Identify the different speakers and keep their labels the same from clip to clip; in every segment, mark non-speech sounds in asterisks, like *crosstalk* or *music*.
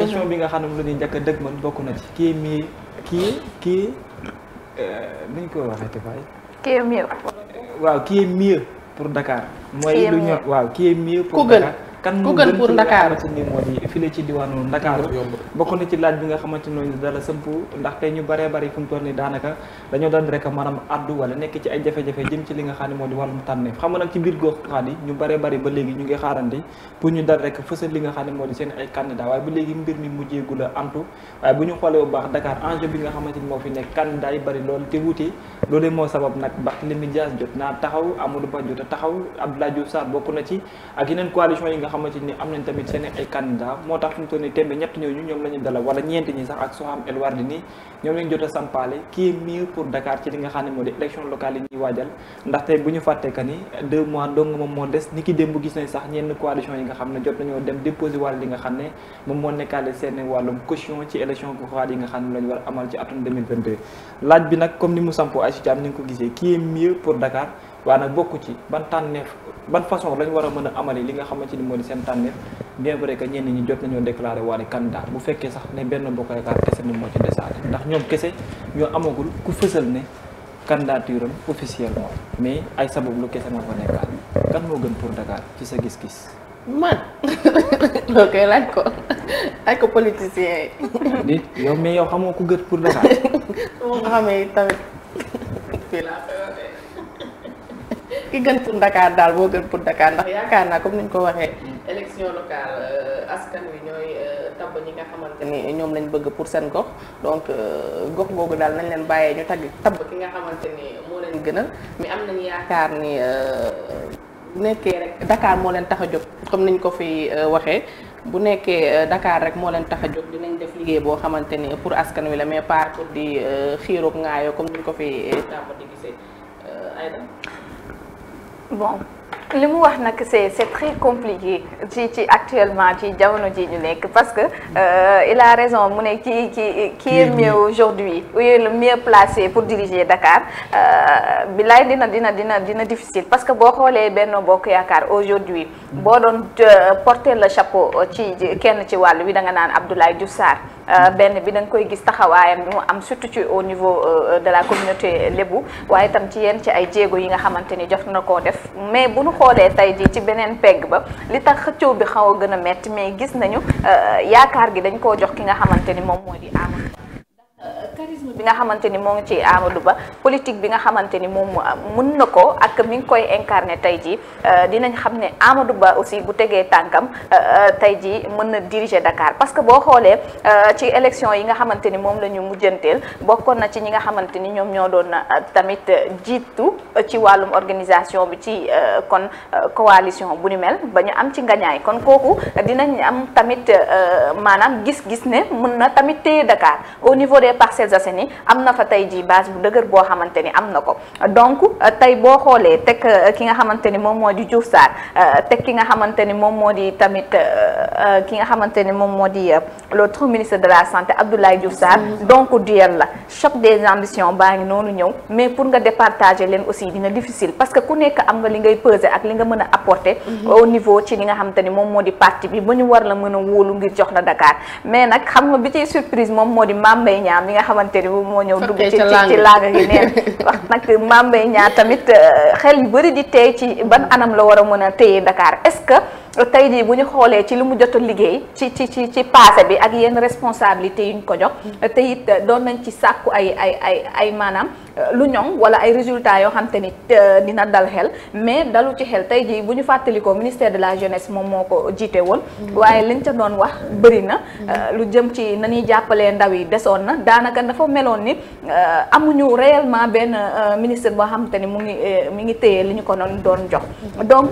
Speaker 1: question bi nga xam ne moom la ñuy njëkk a bokk na ci kii mii kii kii euh, nuñ ko waxeeti waay. qui est mieux. pour Dakar. mooy lu ñu waaw qui est mieux pour Dakar. kan ku gën pour Ndakaaru kan ni moo di file ci diwaanu Ndakaaru. bokk na ci laaj bi nga xamante ne dala sëmp ndaxte ñu baree bari fu mu toll nii daanaka dañoo daan rek maanaam addu wala nekk ci ay jafe-jafe jëm ci li nga xam moo di ba léegi ñu ngi xaarandi nga xam ne moo di seen ay candidat waaye ba léegi mbir mi mujjeegu la antu waaye bu ñu xoolee baax Dakar enjeu bi nga xamante moo fi nekk candidat yi bari lool te wuute loolu moo sabab nag Barthélémy Dias jot naa taxaw Amadou Ba jot a taxaw Abdoulaye Diouf Sarr bokk na ci ak yeneen coalition yi nga xamante ni am nañ tamit seen ay candidat moo tax fi mu ñett ñooñu ñoom la ñu dalal ñeenti ñi sax ak Soham El Wardini ñoom lañ jot a sampaale qui est mieux pour Dakar ci li nga xam ne moo di élection locale moom moo nekkaale seen wàllum caution ci élection locale yi nga xam ne lañu war a amal ci atum 2022 laaj bi nag comme ni mu sampo ay si am ni nga ko gisee qui est mieux pour Dakar waaye nag bokku ci ban tànneef ban façon lañu war a mën a amale li nga xamante ni moo di seen tànneef bien vrai que ñenn ñi jot nañoo déclaré waale candidat bu fekkee sax ne benn bokk yaakaar kese ni moo ci desaale ndax ñoom kese ñoo amagul ku fësal ne candidature am officiellement mais ay sabab lu kese moo ko nekkaat kan moo gën pour Dakar ci sa gis-gis. man *laughs* loo koy laaj ko
Speaker 2: laaj ko politicien
Speaker 1: yi. yow mais yow xamoo ku gën pour Dakar. *laughs*
Speaker 2: moo nga xamee ki gën pour Dakar daal boo gën pour Dakar ndax yaakaar naa comme ni ñu ko waxee. élection locale euh, askan wi ñooy euh, tabb ñi nga xamante ni ñoom lañ bëgg pour seen gox donc euh, gox googu daal nañ leen bàyyee ñu tagg tab ki nga xamante ni moo leen gënal mi am nañu yaakaar ni bu nekkee rek Dakar moo leen tax a jóg comme niñ ko fi waxee. bu nekkee dakaar rek moo leen tax a jóg dinañ def liggéey boo xamante ni pour askan wi la mais pas pour di xiiroog ngaayoo comme ni ñu ko fi tàmm di gisee
Speaker 3: bon li mu wax nag c' est c' est très compliqué ci ci actuellement ci jamono ji ñu nekk parce que euh, il a raison mu ne ki ki qui est mieux aujourd'hui ou le mieux placé pour diriger Dakar euh, bilaay dina dina dina dina difficile parce que boo xoolee Benno Bokk Yaakaar aujourd'hui boo doon euh, porter le chapeau ci kenn ci wàll wi da nga naan Abdoulaye Diouf Sarr euh, benn bi da koy gis taxawaayam bi mu am surtout ci au niveau de la communauté lébu waaye tam ci yenn ci ay jéego yi nga xamante ni jot na koo def xoolee tey jii ci beneen pegg ba li tax xëccoo bi xaw a gën a metti mais gis nañu euh, yaakaar gi dañ koo jox ki nga xamante ni moom moo di Amadou charisme bi nga xamante ni moo ngi ci Amadou Ba politique bi nga xamante ni moom mun na ko ak mi nga koy incarné tey jii euh, dinañ xam ne Amadou Ba aussi bu tegee tànkam euh, euh, tey jii mën na diriger dakaar parce que boo xoolee ci élection yi nga xamante ni moom la ñu mujjanteel bokkoon na ci ñi nga xamante ni ñoom ñoo doon tamit jiitu ci wàllum organisation bi ci kon coalition bu ni mel ba ñu am ci ngañaay kon kooku dinañ am tamit maanaam gis-gis ne mën na tamit téye Dakar au niveau des parcelles Parcelles am na fa tey jii base bu dëgër boo xamante ni am na ko donc euh, tey boo xoolee teg euh, ki nga xamante ni moom moo di Diouf Sarr euh, teg ki nga xamante ni moom moo di tamit ki nga xamante ni moom moo di l'autre ministre de la santé Abdoulaye Diouf Sarr donc duel la choc des ambitions baa ngi noonu ñëw mais pour nga départager leen aussi dina difficile parce que ku nekk am nga li ngay peser ak li nga mën a apporter mhm. au niveau ci li nga xamante ni moom moo di parti bi ba ñu war la mën a wóolu ngir jox la Dakar mais nag xam xamante ni moom moo ñëw dugg ci ci laaga gi neen *laughs* wax nag Mame Mbaye tamit euh, xel yu bëri di tey ci ban anam la war a mën a téye ndakaar est-ce tey jii bu ñu xoolee ci li mu jot a liggéey ci ci ci ci passé bi ak yenn responsabilité yu ñu ko jox te it doon nañ ci sàkku ay ay ay ay maanaam euh, lu ñoom wala ay résultat yoo xam te ni euh, dina dal xel mais dalu ci xel tey jii bu ñu fàttalikoo ministère de la jeunesse moom moo ko jiite woon waaye li ñu ca doon wax bëri na euh, lu jëm ci na ñuy jàppalee ndaw yi desoon na daanaka dafa meloon ni amuñu réellement benn ministre boo xam te ni mu ngi mi ngi téye li ñu ko noon doon jox donc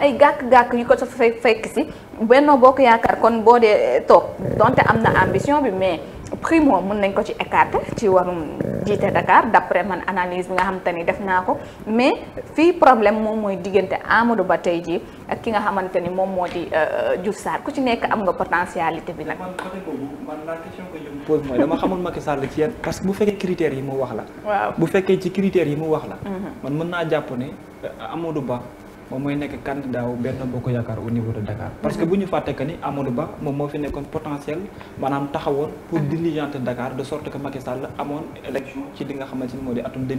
Speaker 3: ay gàkk-gàkk yu ko sa fekk si Benno Bokk Yaakaar kon boo dee toog donte am na ambition bi mais primo mën nañ ko ci écarter ci warum jiite Dakar d'après man analyse bi nga xamante ni def naa ko mais fii problème moom mooy diggante Amadou Ba tey jii ak ki nga xamante ni moom moo di euh, euh, Diouf saar ku ci nekk am nga potentialité bi nag. man côté boobu man la
Speaker 1: question que je me pose mooy ci yan parce que bu fekkee critères yi mu wax la. waaw bu fekkee ci critères yi mu wax la. Mhm. man mën naa jàpp ne euh, Amadou Ba. moom mooy nekk candidat wu Benno Bokk Yaakaar au de Dakar parce que bu ñu fàtte ni Amadou Ba moom moo fi nekkoon potentiel maanaam taxawoon pour diligenter Dakar de sorte que Macky Sall amoon élection ci li nga xamante ni moo di atum te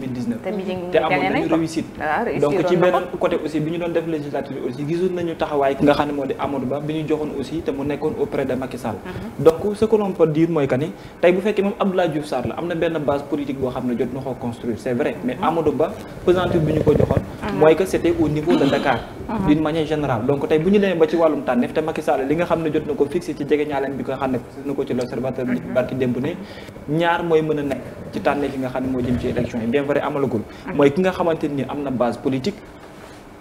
Speaker 3: amoon nañu ah, réussite donc ci beneen
Speaker 1: côté aussi bi ñu doon def législature aussi gisoon nañu taxawaay ki nga xam ne moo di Amadou Ba bi ñu joxoon aussi te mu nekkoon auprès de Macky Sall mm-hmm. donc ce que mooy que mooy mmh. que c'était ni niveau de mmh. Dakar mmh. d'une manière générale donc tey bu ñu demee ba ci wàllum tànneef te Macky Sall li nga xam ne jot na ko fixé ci jege ñaaleem bi nga xam ne na ko ci l'observateur barki démb ne ñaar mooy mën a nekk ci tànneef yi nga xam ne moo jëm ci élection yi bien vrai amalagul mooy ki nga xamante ni am na base politique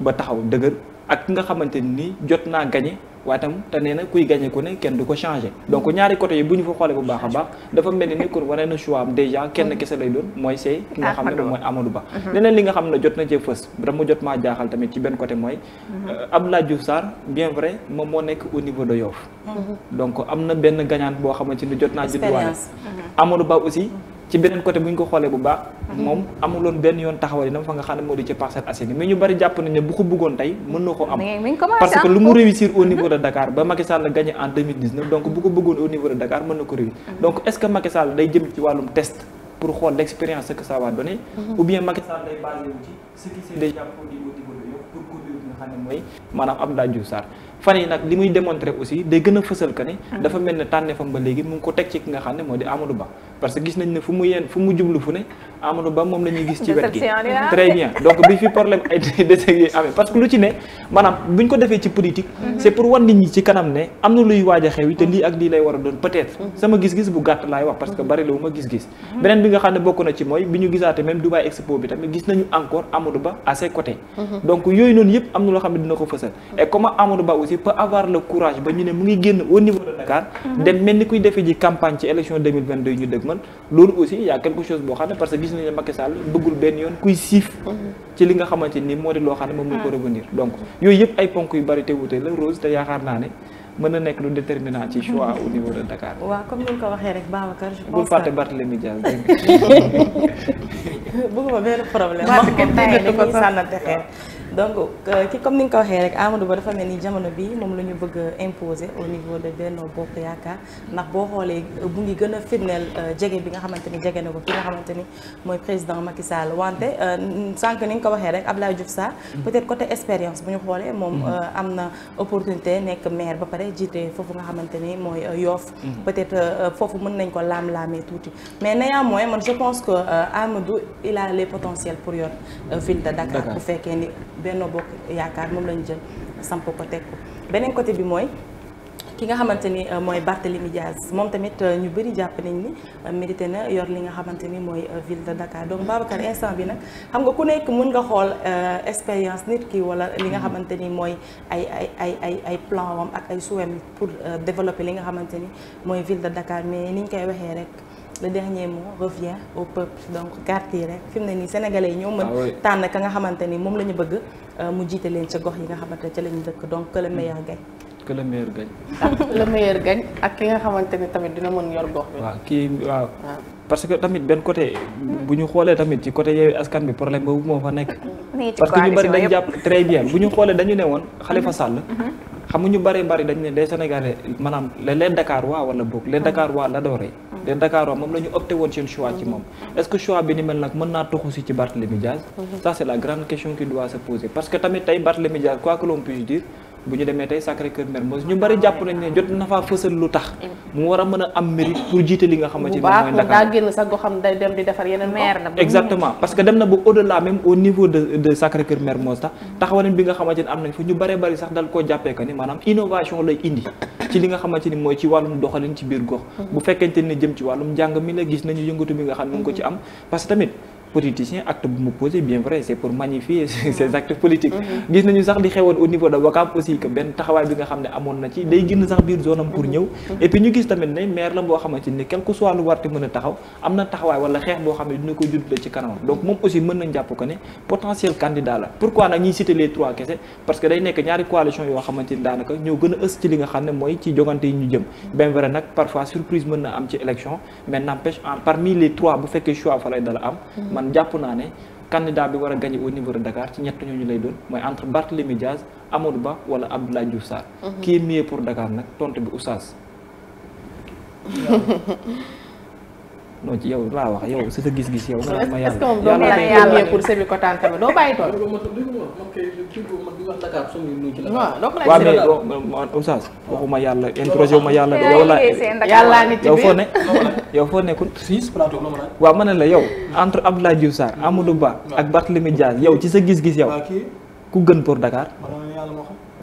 Speaker 1: ba taxaw dëgër ak ki nga xamante ni jot naa gagné waaye tam te nee na kuy gagné ku ne kenn du ko changé donc ñaari côté yi bu ñu fa xoolee bu baax a baax dafa mel ni kon wane na am déjà kenn kese lay doon mooy say ki nga xam ne mooy Amadou Ba mhm. leneen li nga xam ne jot na cee fës dama jot maa jaaxal tamit ci benn côté mooy mhm. euh, Abdoulaye Diouf Sarr bien vrai moom moo nekk au niveau de Yoff mhm. donc am na benn gagnant boo xamante ni jot naa jël waale Amadou Ba aussi ci beneen côté bu ñu ko xoolee bu baax mhm. moom amuloon benn yoon taxawal na fa nga xam ne moo di ci Parcelles Assainies mais ñu bari jàpp nañ ne bu ko bëggoon tey mën ko am
Speaker 3: parce que lu mu réussir
Speaker 1: au mhm. niveau de Dakar ba Macky Sall gagné en 2019 donc bu ko bëggoon au niveau de Dakar mën na ko réussir mhm. donc est-ce que Macky day jëm ci wàllum test pour xool l'expérience que ça va ou bien Macky day basé ci ce qui s'est déjà produit xam ne mooy maanaam Abdoulaye Diouf Sarr fan yi nag li muy démontrer aussi day gën a fësal que ne ah. dafa mel ne tànneefam ba léegi mu ngi ko teg ci ki nga xam ne moo di Amadou Ba parce que gis nañ ci kanam ne am na luy waaj xew yi te mhm. lii ak lii lay war doon peut mhm. sama gis-gis bu gàtt laay wax parce que mhm. bari la wu ma gis-gis beneen bi nga xam ne bokk na ci mooy bi ñu gisaate même Dubai Expo bi tamit gis nañu encore Amadou Ba à ses donc yooyu noonu yëpp am loo xam ne dina ko fësal et comment Amadou Ba aussi peut avoir le courage ba ñu ne mu ngi génn au niveau de Dakar mhm. dem mel ni kuy defee ji campagne ci élection 2022 ñu dëgg man mhm. mhm. yooyu yëpp ay ponk yu bari te wute la Rose te yaakaar naa ne mën na nekk lu déterminant ci choix au niveau de Dakar.
Speaker 4: waaw comme ni nga ko waxee rek Babacar. je pense que bul fàtte
Speaker 1: bëgguma
Speaker 4: benn problème. maa ngi ko tayal li ñuy sànnante xeer. donc euh, ki comme ni nga ko waxee rek Amadou Ba dafa mel ni jamono bi moom la ñu bëgg a imposer au niveau de Benno Bokk Yaakaar ndax boo xoolee mu ngi gën a firndeel euh, jege bi nga xamante ni jege ko ki nga xamante ni mooy président Macky Sall wante euh, sànq ni nga ko waxee rek Abdoulaye Diouf Sarr peut-être côté expérience bu ñu xoolee moom mhm. am na opportunité nekk maire ba pare jiitee foofu nga xamante ni mooy yoof mhm. peut-être foofu mën nañ ko laam-laamee tuuti mais mooy man je pense que Amadou il a les pour yoon ville de Dakar bu fekkee ni Benno Bokk Yaakaar moom la jël samp ko teg ko beneen côté bi mooy ki nga xamante ni euh, mooy Barthélemy Diaz moom tamit euh, ñu bëri jàpp nañ ni euh, mérité na yor li nga xamante ni mooy ville de Dakar donc Babacar instant bi nag xam nga ku nekk mën nga xool expérience nit ki wala li nga xamante ni mooy ay ay ay ay ay plan wam ak ay souhait pour développer li nga xamante ni mooy ville de Dakar mais ni ñu koy waxee rek. le dernier mot revient au peuple donc carte yi rek fi mu ne nii sénégalais yi ñoo mën ah tànn ka nga xamante ni moom la ñu bëgg euh, mu
Speaker 2: jiite leen ca gox yi nga xamante ne ca la ñu dëkk donc que le meilleur gagne
Speaker 1: que le meilleur gagne ah, le
Speaker 2: meilleur gagne ak ki nga xamante ne tamit dina mën yor gox bi
Speaker 1: waa kii waaw ah. parce que tamit benn côté bu ñu xoolee tamit ci côté Yewwi Askan Wi problème boobu moo fa nekk
Speaker 3: parce que ñu bari dañ jàpp
Speaker 1: très bien bu ñu xoolee dañu ne woon Khalifa Sall mhm. Mhm. xam nga ñu bari bari dañ ne des sénégalais maanaam les Dakar waa wala boog les Dakar waa la dooree te Ndakaaru moom la ñu opté woon seen choix ci moom est-ce que choix bi ni mel nag mën naa toxu si ci Barthélémy Diaz mhm. ça c'est la grande question qui doit se poser parce que tamit tey Barthélémy Diaz quoi que l'on puisse dire bu ñu demee tey Sacré Cœur Mermoz ñu bari jàpp nañ ne jot na faa lu tax mu war a mën a am mérite pour jiite li nga xamante na ba au delà même au niveau de de Sacré Cœur Mermoz tax taxawalin bi nga xamante ne am nañ ci li mooy ci wàllum doxalin ci biir gox mm-hmm. bu fekkente ni jëm ci wàllum njàng mi la gis nañu yëngatu bi nga xam ne mu ngi ko ci am parce tamit politicien acte bu mu posé bien vrai c'est pour magnifier ses *laughs* mm-hmm. actes politiques mm-hmm. gis nañu sax li xewoon au niveau de Wakam aussi que benn taxawaay bi nga xam ne amoon na ci day génn sax biir zone am pour mm-hmm. ñëw et ñu gis tamit ne maire la boo xamante ni quel soit lu warte mën a taxaw am na taxawaay wala xeex boo xam ne dina ko juddle ci kanam donc moom aussi mën nañ jàpp ko ne potentiel candidat la pourquoi nag ñuy citer les trois kese parce que day nekk ñaari a man jàpp naa ne candidat bi war a gagné au niveau de Dakar ci ñett ñooñu lay doon mooy entre Barthélémy Diaz Amadou Ba wala Abdoulaye Diouf Sarr. Mhm. qui est pour Dakar nag tontu bi Oustaz. *laughs* non ci yow laa wax yow sa gis-gis yow. nga pour
Speaker 2: semi kotaan tamit doo bàyyi tool. waaw mais doo
Speaker 1: man Oustaz waxuma yàlla interroger ma yàlla de yow nit yow foo ne yow foo nekkul waaw ma ne la yow entre Abdoulaye Diouf Sarr hmm. Amadou Ba ak hmm. Barthélémy Dias yow ci sa gis-gis yow ku gën pour Dakar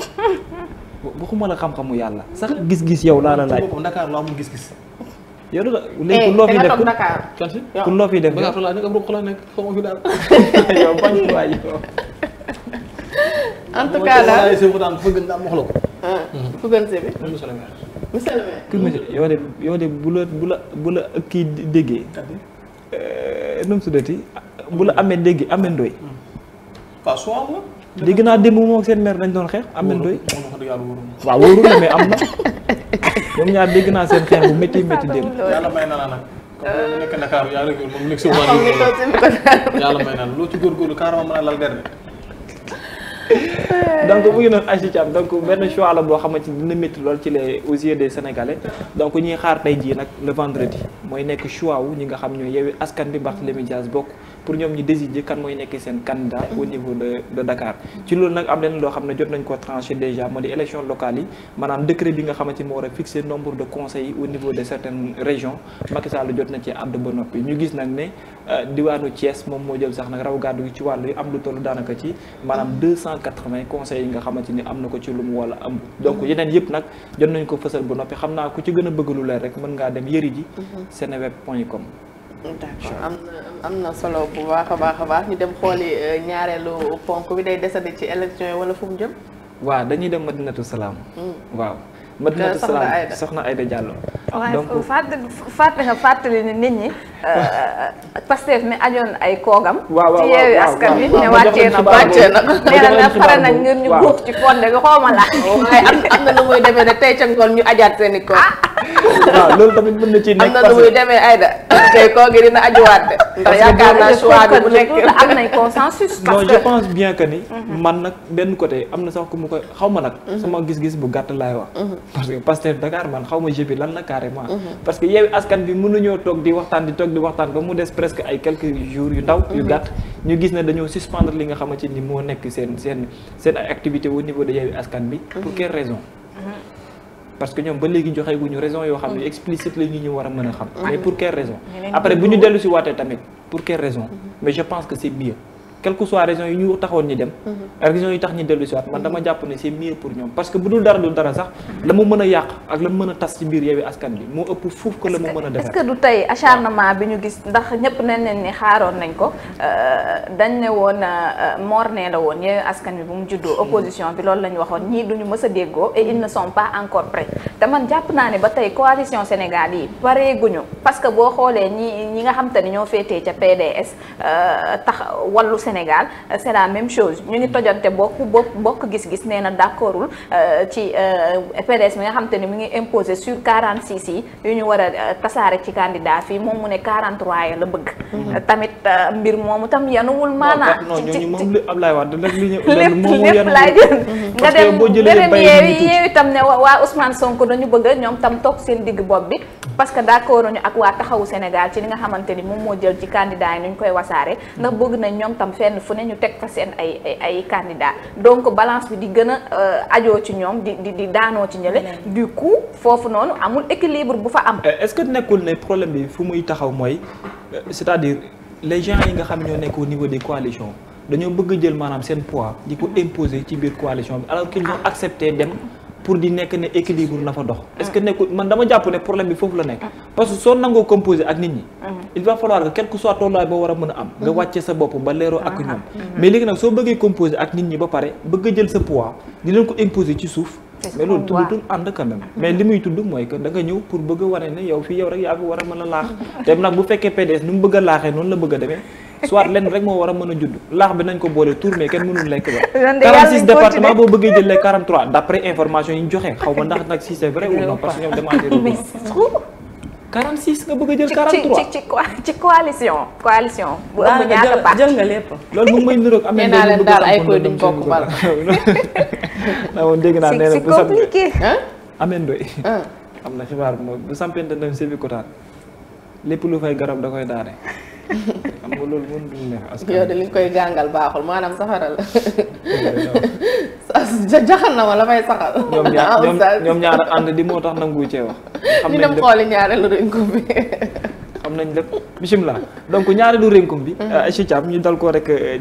Speaker 1: *laughs* waxuma la xam-xamu yàlla sax gis-gis yow laa la laaj Dakar la gis-gis yow de la léegi
Speaker 2: pour loo fi def eh pour
Speaker 1: yow ko waay
Speaker 2: en tout cas daal moom naa ko. fëggal see bi. monsieur le maire. monsieur le
Speaker 1: kii monsieur yow de yow de bu la bu la bu la kii déggee. nu mu bu la amee dégg amee ndoy. dégg naa démb moom ak seen maire dañ doon xeex amee ndoy. waaw wóorul mais am na. ñoom ñaar dégg naa seen xeex bu métti *laughs* métti démb.
Speaker 2: yàlla may na la nag. comme mu nekk góor yaa ngi moom nekk
Speaker 1: na la loo ci a lal der *laughs* donc mu ngi noonu Aïcha Thiam donc benn choix la boo xamante ni dina métti lool ci les aux yeux des sénégalais donc ñuy xaar tey jii nag le vendredi mooy nekk choix wu ñi nga xam ñoo yeewi askan bi Barthélémy Dias bokk pour ñoom ñu désigner kan mooy nekk seen candidat au niveau de de Dakar ci loolu nag am leen loo xam ne jot nañ ko tranché déjà moo di élection locale yi maanaam décret bi nga xamante a fixer nombre de conseils au na ci àdd ba noppi euh, moom moo jël sax nag raw gàddu gi ci wàllu yi am lu toll daanaka ci maanaam 280 conseils yi nga xamante ni am na ko ci lu mu wala am donc mm-hmm. yeneen yëpp nag jot nañ ko fësal ba noppi xam naa ku ci gën a bëgg lu leer rek mën ngaa dem yëri ji mm-hmm. seneweb point com d'accord am
Speaker 2: na am na solo bu baax a baax a baax ñu dem xooli euh, ñaareelu ponk bi day desandi ci élection
Speaker 1: yi wala fu mu jëm. waaw dañuy dem Madinatu Salaam. Hmm. waaw Madinatu Salaam soxna Aïda Diallo. Ah, donc
Speaker 3: waaye fàttali ni nit ñi. Euh, Pastef mi ajoon ay koogam. waaw waaw ci yeewi ne wàccee na wàccee na. *laughs* nee na nag pare nañ
Speaker 2: ngir ñu buux
Speaker 1: ci
Speaker 3: fonde bi xaw ma la. *laughs* waaye am na lu muy demee ne tey ca ngoon ñu ajaat seen i
Speaker 1: waaw loolu tamit mën na ci nekk. am
Speaker 2: demee Aida. tey koo gi dina ndax
Speaker 1: yaakaar naa choix bu nekk
Speaker 3: am nañ consensus. parce que
Speaker 1: non je bien que ni. Mhm. man nag benn côté am na sax ku mu koy xaw ma nag. Mhm. sama gis-gis bu gàtt laay wax. Mhm. parce que Pastef Dakar man xaw ma jëbi lan la carrément. parce que Yewwi Askan bi mënuñoo toog di waxtaan di toog di waxtaan ba mu des presque ay quelques jours yu ndaw. yu gàtt ñu gis ne dañoo suspendre li nga ci ni moo nekk seen seen seen ay activité au niveau de Yewwi Askan bi. pour quelle raison. parce que ñoom ba léegi joxe gu ñu raison yoo xam ne mm. explicite la war a mën a xam mm. mais pour quelle raison après bu ñu dellu si tamit pour quelle raison mm-hmm. mais je pense que c'est mieux quel que soit raison yi ñu taxoon ñu dem mhm. raison yi tax ñu dellu siwaat man dama mhm. jàpp ne c'est mieux pour ñoom parce que bu dul dara dul dara sax la mu mën a yàq ak la mu mën a tas ci biir Yewwi Askan Wi moo ëpp fuuf ko la mu mën a defar est
Speaker 3: bi euh, euh, mu juddoo opposition bi loolu la waxoon ñii duñu mës a déggoo et ils pas encore prêts te man jàpp naa ne ba tey coalition Sénégal yi pareeguñu parce que boo xoolee ñi ñi nga xam te ñoo féetee ca PDS euh, tax Sénégal euh, c'est la même chose ñu ngi tojante bokk bokk bokk gis-gis nee na d'accordul euh, ci euh, PDS bi nga xam ni mu ngi imposé sur 46 yi yu ñu war a tasaare ci candidat fii moom mu ne 43 ya la bëgg. Mhm. tamit mbir moomu tam yanuwul maanaam. ci ci
Speaker 1: moom li lépp lépp laay jël
Speaker 3: mhm. nga dem yeewi yeewi tam ne waa Ousmane sonk dañu bëgg ñoom tam toog seen diggu bopp bi. parce que d'accord nañu ak waa taxawu Sénégal ci li nga xamante ni moom moo jël ci candidat yi nu ñu koy wasaare ndax bëgg nañ ñoom tam fenn fu ne ñu teg fa seen ay ay candidat donc balance bi di gën a euh, ajoo ci ñoom di di daanoo ci ñële du coup foofu noonu amul équilibre bu fa am
Speaker 1: eh, est-ce que nekkul ne problème bi fu muy taxaw mooy euh, c'est-à-dire les yi nga xam ñoo nekk au niveau des coalitions dañoo bëgg jël maanaam seen poids di ko mm-hmm. imposer ci biir coalition bi alors qu'ils ont dem pour di nekk ne équilibre na fa dox. Ah. est-ce que nekkul man dama jàpp ne problème bi foofu la nekk. Ah. parce que soo nangoo composer ak nit ñi. Ah. il va falloir que quel que soit tollaay boo war a mën a am. nga wàccee sa bopp ba leeroo ak ñoom. Mm-hmm. mais léegi nag soo bëggee composer ak nit ñi ba pare bëgg a jël sa poids di leen ko imposer ci suuf. mais loolu tuddutul ànd quand même mm-hmm. mais li muy tudd mooy que da nga ñëw pour bëgg a ne yow fii yow rek yaa fi war a mën a laax. te mm-hmm. nag bu fekkee PDS ni mu bëgg a laaxee noonu soit lenn rek moo war a mën a judd laax bi nañ ko boole tour mais kenn mënul lekk ba 46 *laughs* département boo bëggee jël les 43 d'après information yi ñu joxe xaw ma ndax nag si c'est vrai ou non parce que a jël loolu moom mooy niroog am nañu daal ay koy duñ *laughs* naa nee na bu compliqué. *laughs* am na xibaar bu sampente ndem Sébikotane lépp lu fay garab da koy daane. xam nga loolu mënul neex askan yow de
Speaker 2: li ñu koy gàngal baaxul maanaam safara la *laughs* jaxal na ma la fay saxal *laughs* ñoom ñaar
Speaker 1: ñoom ñaar ànd di moo tax nangu cee wax xam ñu dem xooli ñaareelu rénkum bi xam nañ lépp bisimilah donc ñaareelu rénkum bi mm-hmm. Aïcha Thiam ñu dal ko rek euh,